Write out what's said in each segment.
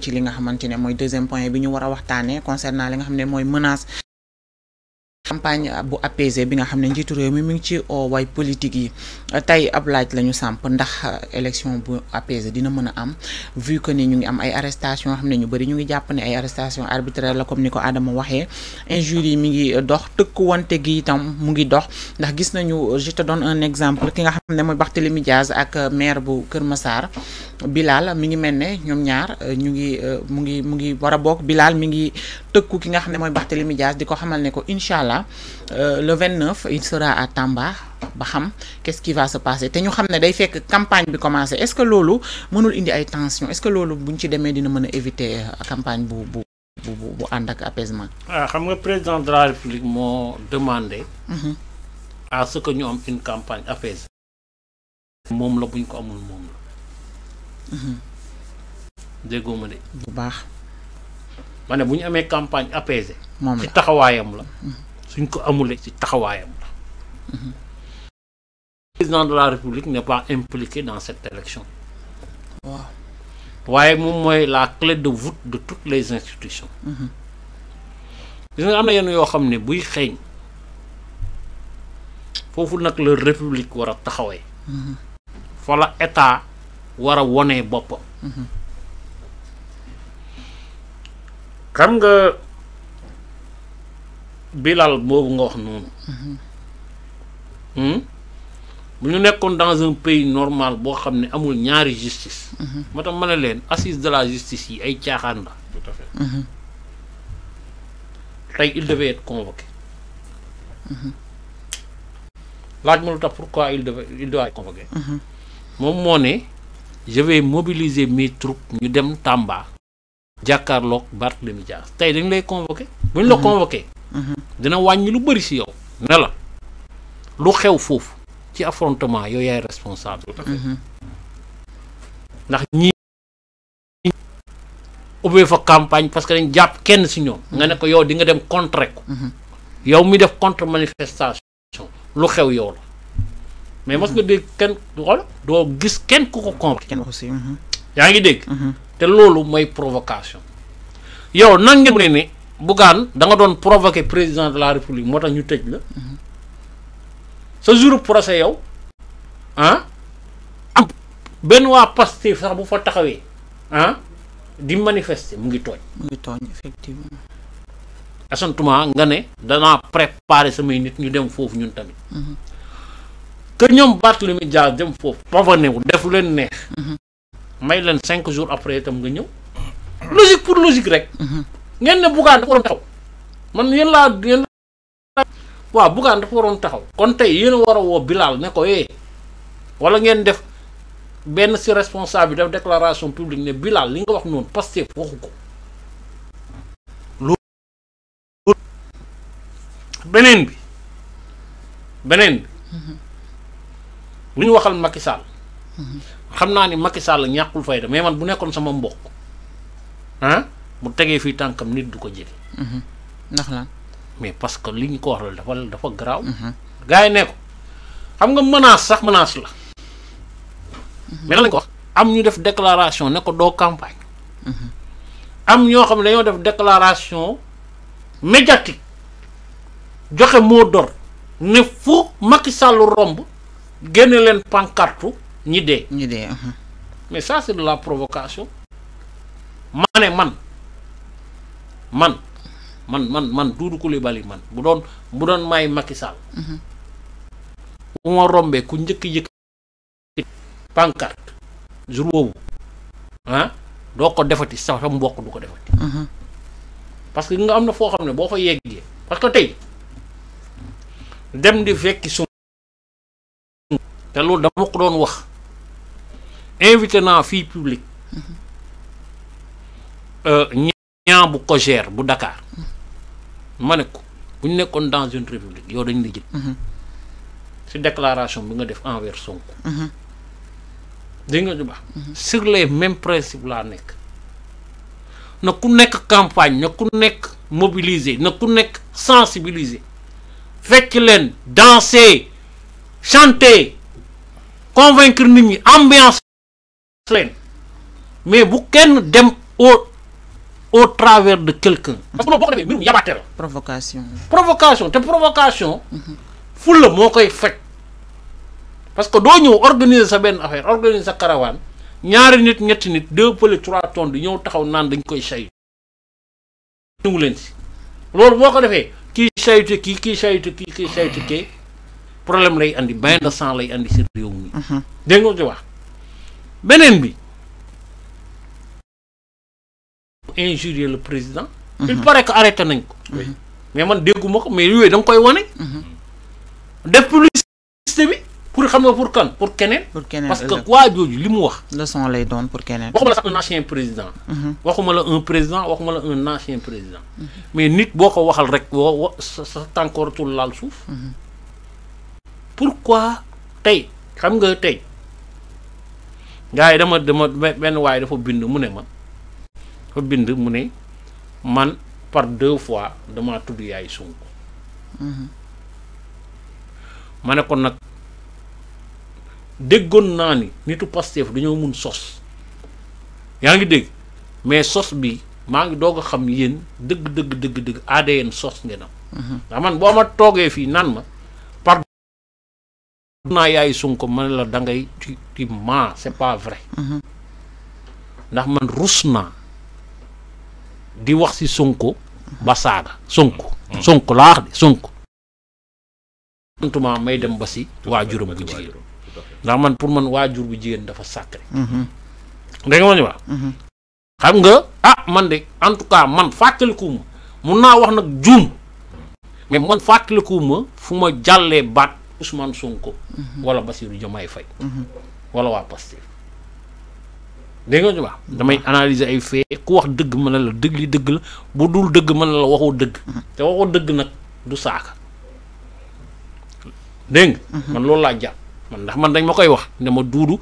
ci li nga xamante ne mooy deuxième point bi ñu war a waxtaanee concernant li nga xam ne mooy menace campagne bu apaisée bi nga xam ne njiitu réew mi mu ngi ci way politique yi tey ab laaj la ñu samp ndax élection bu apaisée dina mën a am vu que ni ñu ngi am ay arrestation xam ne ñu bëri ñu ngi jàpp ne ay arrestation arbitraire la kom ni ko Adama waxee injure yi mi ngi dox wante gi itam mu ngi dox ndax gis nañu je te donne un exemple ki nga xam ne mooy Barthélémy Diaz ak maire bu Kër Massar Bilal mi ngi mel ne ñoom ñaar euh, ñu ngi euh, mu ngi mu ngi war a bokk Bilal mi ngi tëkku ki nga xam ne mooy Barthélémy Diaz di ko xamal ne ko incha allah Touba euh, le 29 il sera à Tamba ba xam qu'est-ce qui va se passer te ñu xam ne day fekk campagne bi commencé est-ce que loolu mënul indi ay tension est-ce que loolu buñ ci demee dina mën a éviter euh, campagne bu bu bu bu ànd ak apaisement. ah xam nga président de la république moo demandé. Mhm. à ce que campagne apaisée. moom la buñ ko amul moom la. Mhm. déggoo ma de. bu baax. mane ne bu ñu amee campagne apaisée. moom taxawaayam la. Mhm. suñ ko amulee ci taxawaayam la président de la république n'est pas impliqué dans cette élection waaye moom mooy la clé de voûte de toutes les institutions gis nga am na yenn yoo xam ne buy xeeñ foofu nag la république war a taxawee fa la état war a wonee boppam mhm. xam nga bilal boobu nga wax noonu hmm? bu ñu nekkoon dans un pays normal boo xam ne amul ñaari justice mhm. moo tax ma ne leen assise de la justice yi ay caaxaan la tout à fait mhm. tey il devait être convoqué mhm. laaj ma lu tax pourquoi il devait il doit être convoqué moom moo ne je mobiliser mes troupes ñu dem Tamba jàkkaarloog Barthélemy Dias tey dañ lay convoqué bu la convoqué dina wàññi lu bëri si yow. ne lu xew foofu ci affrontement yow yaay responsable. Mhm. ndax ñii ubbee fa campagne parce que dañ jàpp kenn si ñoom. Mhm. nga ne ko yow dinga dem contre ko. Mhm. yow mi def contre manifestation lu xew yow la. mais mos nga dégg kenn doo gis kenn ku ko contre. kenn yaa ngi dégg. te loolu mooy provocation. yow nan ngeen ne. Bougane da nga doon provoquer président de la république moo tax ñu tëj la sa jour procès yow ah am benn waa Pastef sax bu fa taxawee ah di manifesté mu ngi tooñ. mu ngi tooñ effectivement. asantuma nga ne danaa préparer samay nit ñu dem foofu ñun tamit. Mhm. que ñoom Barthélémy Dias dem foofu. pavané wu def leen neex. Mhm. may leen cinq jours après itam nga ñëw. logique pour logique rek. Mhm. ngeen ne Bougane dafa waroon taxaw man yéen laa yéen laa waaw Bougane dafa waroon taxaw kon tey yéen a war a woo ne ko yee eh, wala ngeen def benn si responsable def déclaration publique ne Bilal li nga wax noonu Pastef waxu ko loolu beneen bi beneen bi mhm. lu ñu waxal Macky Sall mhm. xam naa ni makisaal Sall ñàkkul fayda mais man bu nekkoon sama mbokk ah, mu tegee fii tànkam nit du ko jëli. Mhm. ndax lan mais parce que li ñu ko wax loolu dafa dafa garaaw. Mhm. gars yi ne ko xam nga menace sax menace la. Mhm. mais lan ko am ñu def déclaration ne ko doo campagne. am ñoo xam ne dañoo def déclaration médiatique joxe moo dor ne fu Macky Sall romb génne leen pancarte ñi dee. ñi dee mais ça c'est de la provocation. ma ne man. man man man man Doudou Coulibaly man bu doon bu doon may Macky Sall mhm. bu ma rombee ku njëkk yëkk pancarte jour boobu ah doo ko defati sax sama mbokk du ko defati mhm. parce que nga am na foo xam ne boo fa yeggee parce que tey dem di fekki sum te loolu dama ko doon wax invité naa fii public mhm. euh, ñaa bu Cogère bu Dakar ma ne ko bu ñu nekkoon dans une république yow dañu la jël. ci mhm. déclaration bi nga def envers Sonko. Mhm. nga ñu baax. Mhm. sur les mêmes principes laa nekk na ku nekk campagne na ku nekk mobiliser na ku nekk sensibiliser fekk leen danser chanter convaincre nit ñi ambiance leen mais bu kenn dem au. au travers de quelqu'un parce que loolu boo ko defee mbirum yabaate la. provocation provocation te provocation. ful la moo koy faj. parce que doo ñëw organiser sa benn affaire organiser sa karawaan ñaari nit ñetti nit deux pële trois tonnes di ñëw taxaw naan dañ koy saytu. loolu boo ko defee kii saytu kii kii saytu kii kii saytu kii problème lay indi bain de sang lay indi si réew mi. Mhm. dégg nga wax beneen bi. injurier le président. Mhm. il paraît que arrêté nañ ko. mais man dégguma ko mais yooyu da nga koy wane. Mhm. def publicité bi pour xam nga pour kan pour keneen. pour keneen parce que waa jooju li mu wax. leçon lay doon pour keneen. waxuma la un ancien président. Mhm. waxuma la un président waxuma la un ancien président. mais nit boo ko waxal rek woo sa sa tànkoortul laal suuf. pourquoi tey xam nga tey gars yi dama dama benn waaye dafa bind mu ne man fa bind mu ne man par deux fois dama tudd yaay Sonko mhm. ma ne ko nag déggoon naa ni nitu Pastef dañoo mun sos yaa ngi dégg mais sos bi maa ngi doog a xam yéen dëgg dëgg dëgg dëgg ADN sos ngeen mhm. ndax man boo ma toogee fii naan ma par naa yaay sunk ma ne la dangay ngay ci ci c'est pas vrai mhm. ndax man rus naa di wax si Sonko ba saaga Sonko. Sonko laa wax de Sonko. may dem ba si waajuram bu jigéen ndax man pour man waajur bu jigéen dafa sacré. Mhm. dégg nga ma ni mhm. xam nga ah man de en tout cas man fàttalikuwuma mun naa wax nag juum mais man fàttalikuwuma fu ma jàllee baat Ousmane Sonko. Mhm. wala Bassirou Diomaye Faye. wala waa Pastef. dégg nga wax damay analyser ay faits ku wax dëgg mën na la dëgg li dëgg la bu dul dëgg mën na la waxoo dëgg te waxoo dëgg nag du saaka dégg nga mhm. man loolu laa jàpp man ndax man dañ ma koy wax ne ma duudu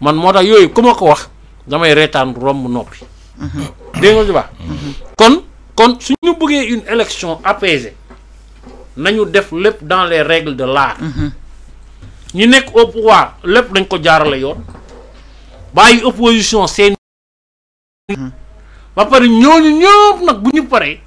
man moo tax yooyu ku ma ko wax damay reetaan romb noppi mhm. dégg nga baax mhm. kon kon ñu bëggee une élection apaisée nañu def lépp dans les règles de l'art ñu nekk au pouvoir lépp dañ ko jaarale yoon bàyyi opposition seen. ba pare ñooñu ñëpp nag bu ñu paree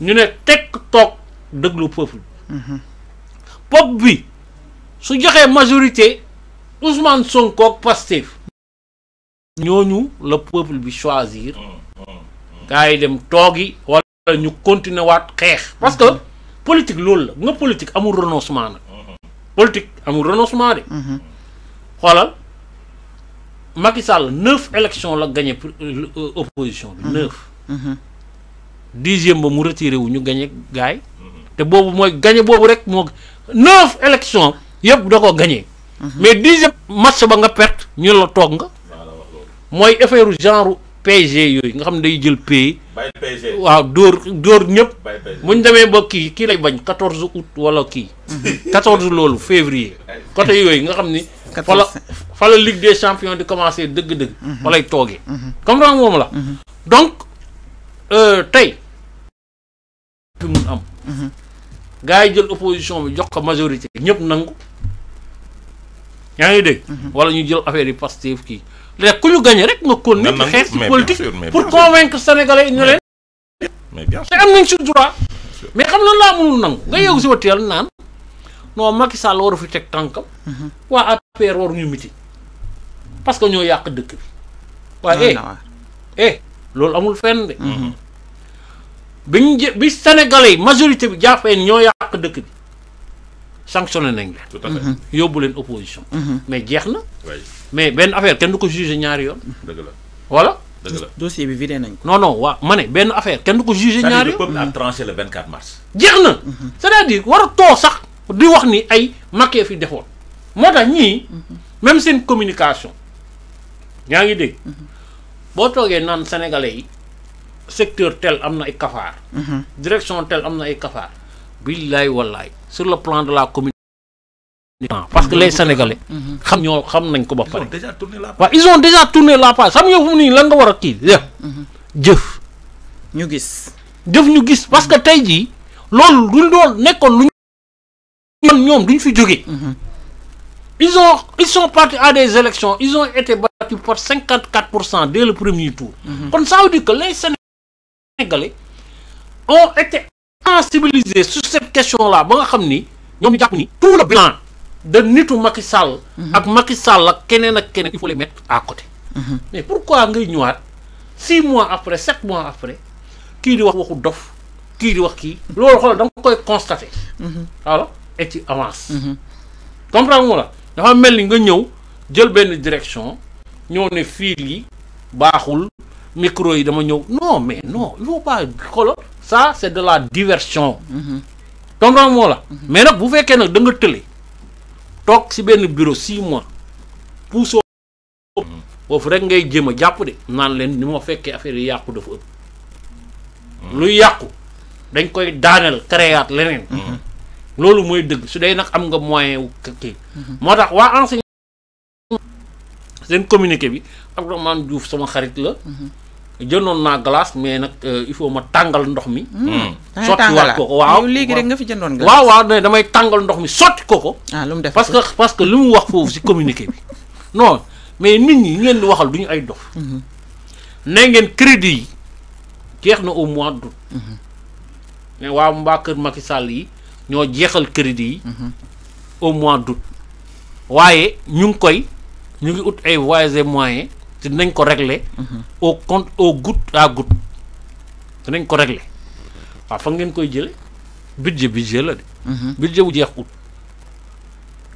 ñu ne tekk toog déglu peuple bi. Mhm. peuple bi su joxee majorité Ousmane Sonko ak Pastef. ñooñu la peuple bi choisir. Mm, mm, mm. gars yi dem toogi wala ñu continuer waat xeex. parce que mhm. politique loolu la nga politique amul renoncement nag. politique amul renoncement de. Mhm. xoolal. Macky Sall neuf élections la gañe pour euh, euh, opposition bi mm-hmm. neuf mm-hmm. dixième ba mu retiré wu ñu gagné gaay mm-hmm. te boobu mooy gañe boobu rek moo neuf élections yëpp da ko gagné mais dixième match ba nga perte ñu la toog nga mooy affaire genre PSG yooyu nga xam ne day jël pays waaw dóor dóor ñëpp. bu ñu demee ba kii kii lay bañ 14 août wala kii. 14 mhm. loolu février. côté yooyu nga xam ni. 14 fala la fa la di commencé dëgg-dëgg. Mhm. fa lay toogee. Mhm. comprendre moom la. donc euh, tey. fi mun am. gars yi jël opposition bi jox ko majorité ñëpp nangu. yaa ngi dégg. Mhm. wala ñu jël affaire yi Pastef kii léegi ku ñu gagné rek nga kon nit xeex ci politique pour convaincre sénégalais ñu leen. mais bien te am nañ ci droit. mais xam na laa mënul nangu. nga yëngu si wateel mhm. naan non Macky Sall waru fi teg tànkam. Mhm. waa at APR waru ñu miti parce que ñoo yàq dëkk bi. waaye eh, eh loolu amul fenn de. biñ jë bi yi majorité bi jàppee ñoo yàq dëkk bi. sanctionné nañ leen. Mhm. yóbbu leen opposition. Mhm. mais jeex na. mais benn affaire kenn du ko jugé ñaari yoon. dëgg la voilà. dëgg la nañ ko. non non waa ma ne benn affaire kenn du ko jugé. ñaari yoon c'est-à-dire le peuple jeex na. Mhm. c'est-à-dire war a too sax di wax ni ay makkee fi defoon. moo tax ñii. même seen communication. ñaa ngi dégg. boo toogee naan sénégalais yi secteur tel am na ay kafaar. direction tel am na ay kafaar. billaay wallaay sur le de la commune parce que les mm-hmm. sénégalais mm-hmm. xam ñoo xam nañ ko ba pare waaw ils ont déjà tourné la page xam nga fu mu nii lan nga war a kii mm-hmm. ñu gis jëf ñu gis parce que tey jii loolu duñ doon nekkoon lu ñu ñoom duñ fi jógee ils ont ils sont partis à des élections ils ont été battus par cinquante quatre pour cent dès le premier tour kon ça veut dire que les sénégalais ont été sensibiliser sur cette question là ba nga xam ni ñoom ñu jàpp ni tout le bilan de nitu Macky Sall. ak Macky Sall ak keneen ak keneen il faut les mettre à côté. Mhm. mais pourquoi ngay ñëwaat six mois après sept mois après kii di wax waxu dof kii di wax kii. loolu xoolal da koy constater. Mhm. voilà et ci avance. Mhm. comprendre nga la dafa mel ni nga ñëw jël benn direction ñoo ne fii yi baaxul micro yi dama ñëw non mais non il faut pas xoolal. ça c' est de la diversion. comprends moo la. mais nag bu fekkee nag da nga toog si benn bureau six mois puusoo. foofu rek ngay jéem a jàpp de naan leen ni ma fekkee affaire yi yàqu dafa ëpp. luy yàqu dañ koy daaneel créaat leneen. loolu mooy dëgg su dee nag am nga moyen wu kii. moo tax waa enseignant seen communiqué bi Abdourahmane Diouf sama xarit la. jëndoon naa glace mais nag euh, il faut ma tàngal ndox mi. Hmm. Hmm. sottiwaat ko ko waaw léegi rek nga fi jëndoon glace. waaw waaw damay tàngal ndox mi sotti ko ko. ah lu mu parce que parce que li mu wax foofu si communiqué bi non mais nit ñi ngeen di waxal du ñu ay dof. Hmm. ne ngeen crédit yi jeex na au mois d'août. waa mbaa kër Macky Sall yi ñoo jeexal crédit yi. au mois d'août waaye ñu ngi koy ñu ngi ut ay voies et moyens. te dinañ ko régler. au compte au gout à goutte dinañ ko régler waaw fa ngeen koy jële budget budget la de. Mhm. budget bu jeex août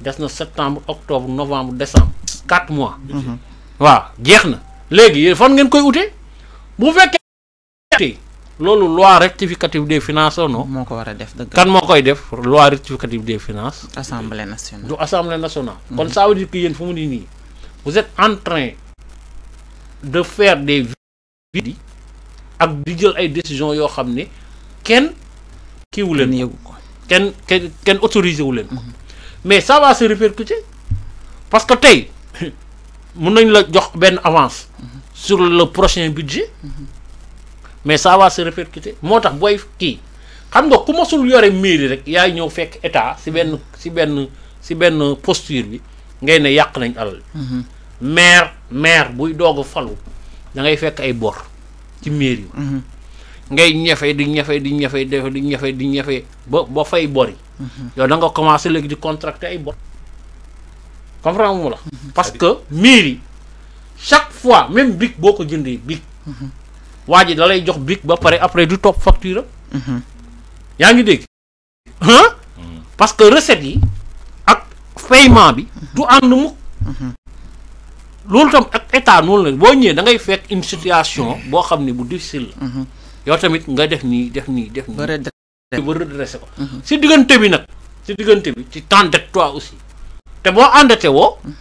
des na septembre octobre novembre décembre quatre mois. Mhm. waaw jeex na léegi yéen fan ngeen koy utee bu fekkee. loolu loi rectificative des finances non. moo ko war a def dëgg kan moo koy def loi rectificative de finance assemblée nationale du assemblée nationale. kon mhm. ça veut dire que yéen fu mu ne nii vous êtes en train. de faire des vidéos ak di jël ay décisions yoo xam ne kenn kiiwu leen yëgu ko kenn kenn kenn autorisé wu leen mhm. mais ça va se répercuter parce que tey mun nañ la jox benn avance mhm. sur le prochain budget mhm. mais ça va se moo tax booy kii xam nga ku masul yore mairie rek yaay ñëw fekk état si benn si benn si benn posture bi ngay ne yàq nañ alal maire maire buy doog a falu da ngay fekk ay bor ci mairie yi mhm. ngay ñafe di ñafe di ñafe di ñafe di ñëfee ba ba fay bor yi. Mhm. yow da nga commencé léegi di contracter ay bor. comprendre mu la. Mhm. parce que mairie yi chaque fois même bic boo ko jëndee bic. waa ji da lay jox bic ba pare après du topp facture yaa ngi dégg. parce que recette yi ak paiement bi. du ànd mukk. loolu tam ak état noonu la boo ñëwee dangay ngay fekk une situation boo xam ne bu difficile la. Mhm. yow tamit nga def nii def nii def nii. ba redressé ko. Mhm. si diggante bi nag si diggante bi ci t'endette toi aussi te boo endetté woo. Mhm.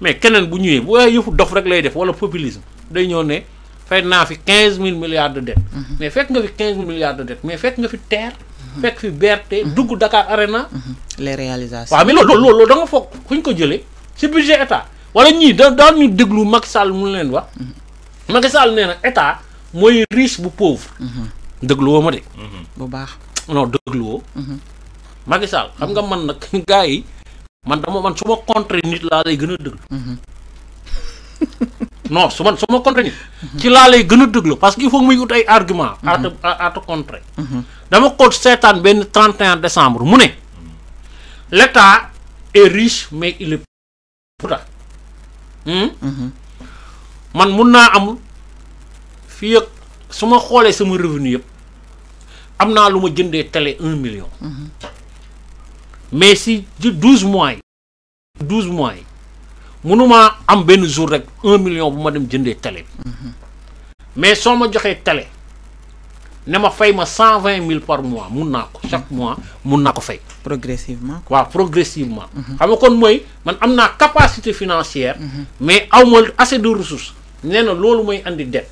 mais keneen bu ñëwee bu waaye yëfu dof rek lay def wala populisme day ñëw ne fay naa fi quinze mille milliards de dettes. mais fekk nga fi quinze mille milliards de dettes mais fekk nga fi TER. fekk fi BRT dugg Dakar Arena. les réalisation waaw mais loolu loolu loolu da nga fu ñu ko jëlee si budget wala ñii da daan ñu déglu Macky Sall mu leen wax mhm. Macky Sall nee na état mooy riche bu pauvre. Mhm. dégluwoo ma de. Mhm. bu baax non dégluwoo. Macky Sall xam nga man nag gars yi man dama man su ma contre nit laa lay gën a déglu. non su ma su ma contre nit. ci laa lay gën a déglu parce que il faut muy ut ay argument à te dama ko seetaan benn 31 décembre mu ne. l' état est mais il est Hmm? Mhm. man mun naa am fii ak su ma xoolee sama revenu yëpp am naa lu ma jëndee tele un million. Mhm. mais si ci douze mois yi. douze mois yi mënumaa am benn jour rek un million bu ma dem jëndee télé bi. Mhm. mais soo ma joxee tele ne ma fay ma cent vingt mille par mois mun naa ko chaque mm-hmm. mois mun naa ko fay. progressivement. waaw progressivement. Mm-hmm. xam nga kon mooy man am naa capacité financière. Mm-hmm. mais aw ma assez de ressources. nee na loolu mooy indi dette.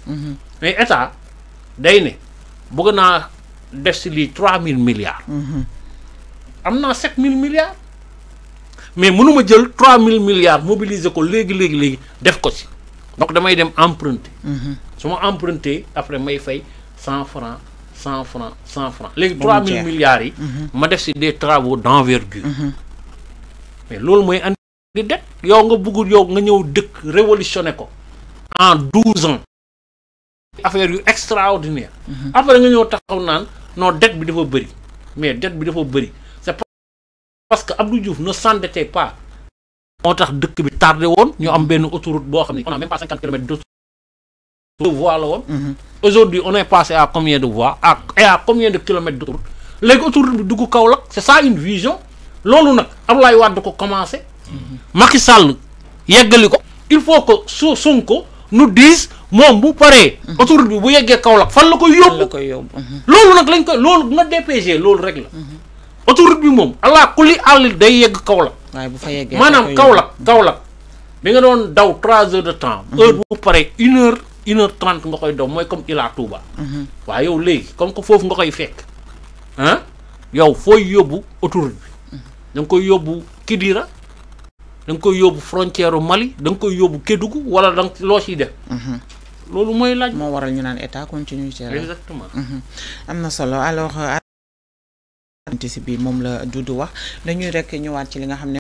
mais état day ne bëgg naa def si lii trois mille milliards. am naa sept mille milliards. mais mënuma jël trois mille milliards mobiliser ko léegi léegi léegi def ko si donc damay dem emprunter. su ma emprunter après may fay. cent franc cent franc cent franc léegi trois mille milliards yi mhm. ma def si des travaux d'envergure mhm. mais loolu mooy andi det yow nga bëggul yow nga ñëw dëkk révolutionné ko en douze ans affaire yu extraordinaire mhm. après nga ñëw taxaw naan noo dette bi dafa bëri mais dette bi dafa bëri c'est parce que Abdou Diouf ne s'endettait pas moo tax dëkk bi tardé woon ñu am benn autoroute boo xam ne on a même pas cinquante kilomètres de voie la woon. aujourd'hui on est à combien de voies à de kilomètres de route léegi autoroute bi dugg Kaolack c'est ça une vision loolu nag Abdoulaye Wade da ko commencé. Macky Sall yeggali ko. il faut que su Sonko nu diis moom bu paree. autoroute bu yeggee Kaolack fan la koy yóbbu. la mhm. loolu nag lañ ko loolu na DPG loolu rek la. autoroute bi moom allah kulli àll day yegg kawla waaye bu fa maanaam Kaolack Kaolack bi nga doon daw trois heures de temps. Mhm. heure bu paree une heure. une heure trente nga koy daw mooy comme Ila Touba. Mhm. waaye yow léegi comme que foofu nga koy fekk ah yow fooy yóbbu autoroute bi mhm. da koy yóbbu Kidira da koy yóbbu frontière Mali danga koy yóbbu Kédougou wala da nga loo ciy def. Mhm. loolu mooy laaj. moo waral ñu naan état continuité la exactement. am na solo alors. si euh, moom la Doudou wax dañuy rek ci li nga xam ne.